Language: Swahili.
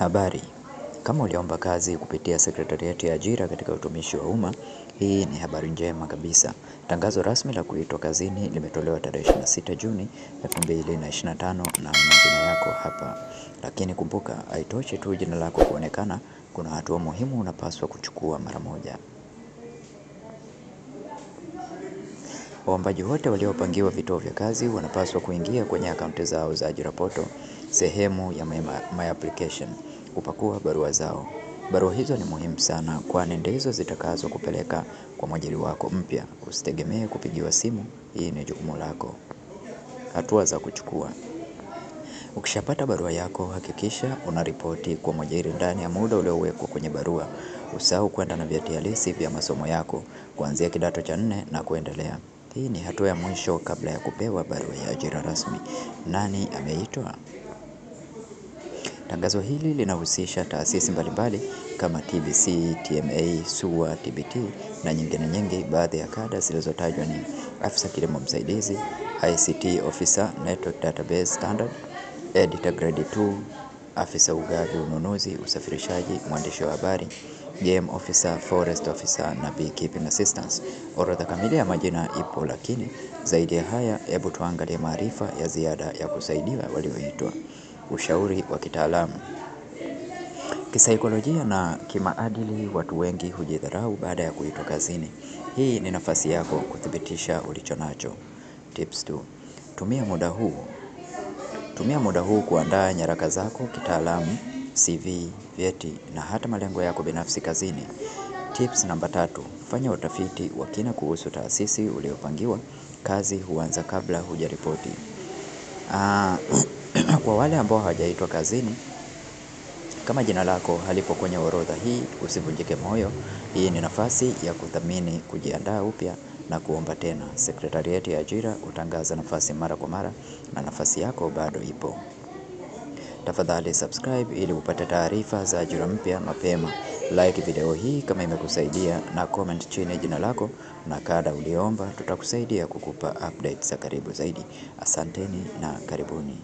Habari, kama uliomba kazi kupitia sekretarieti ya ajira katika utumishi wa umma, hii ni habari njema kabisa. Tangazo rasmi la kuitwa kazini limetolewa tarehe 26 Juni 2025 na majina yako hapa. Lakini kumbuka, haitoshi tu jina lako kuonekana, kuna hatua muhimu unapaswa kuchukua mara moja. Waombaji wote waliopangiwa vituo vya kazi wanapaswa kuingia kwenye akaunti zao za ajira portal sehemu ya my, my application kupakua barua zao. Barua hizo ni muhimu sana, kwani ndizo zitakazo kupeleka kwa mwajiri wako mpya. Usitegemee kupigiwa simu, hii ni jukumu lako. Hatua za kuchukua: ukishapata barua yako, hakikisha unaripoti kwa mwajiri ndani ya muda uliowekwa kwenye barua. Usahau kwenda na vyeti halisi vya masomo yako kuanzia kidato cha nne na kuendelea. Hii ni hatua ya mwisho kabla ya kupewa barua ya ajira rasmi. Nani ameitwa? Tangazo hili linahusisha taasisi mbalimbali kama TBC, TMA, SUA, TBT na nyingine nyingi. Baadhi ya kada zilizotajwa ni afisa kilimo msaidizi, ICT officer, network database standard, editor grade 2, afisa ugavi ununuzi, usafirishaji, mwandishi wa habari. GM officer, forest officer na beekeeping assistance. Orodha kamili ya majina ipo, lakini zaidi ya haya, hebu tuangalie maarifa ya ziada ya kusaidiwa walioitwa. Ushauri wa kitaalamu kisaikolojia na kimaadili. Watu wengi hujidharau baada ya kuitwa kazini. Hii ni nafasi yako kuthibitisha nacho. Tips 2. Tumia muda huu, tumia muda huu kuandaa nyaraka zako kitaalamu. CV, vyeti na hata malengo yako binafsi kazini. Tips namba tatu, fanya utafiti wa kina kuhusu taasisi uliopangiwa, kazi huanza kabla hujaripoti. Ah, kwa wale ambao hawajaitwa kazini, kama jina lako halipo kwenye orodha hii, usivunjike moyo, hii ni nafasi ya kuthamini kujiandaa upya na kuomba tena. Sekretarieti ya ajira hutangaza nafasi mara kwa mara na nafasi yako bado ipo. Tafadhali subscribe ili upate taarifa za ajira mpya mapema. Like video hii kama imekusaidia na comment chini jina lako na kada uliomba, tutakusaidia kukupa update za karibu zaidi. Asanteni na karibuni.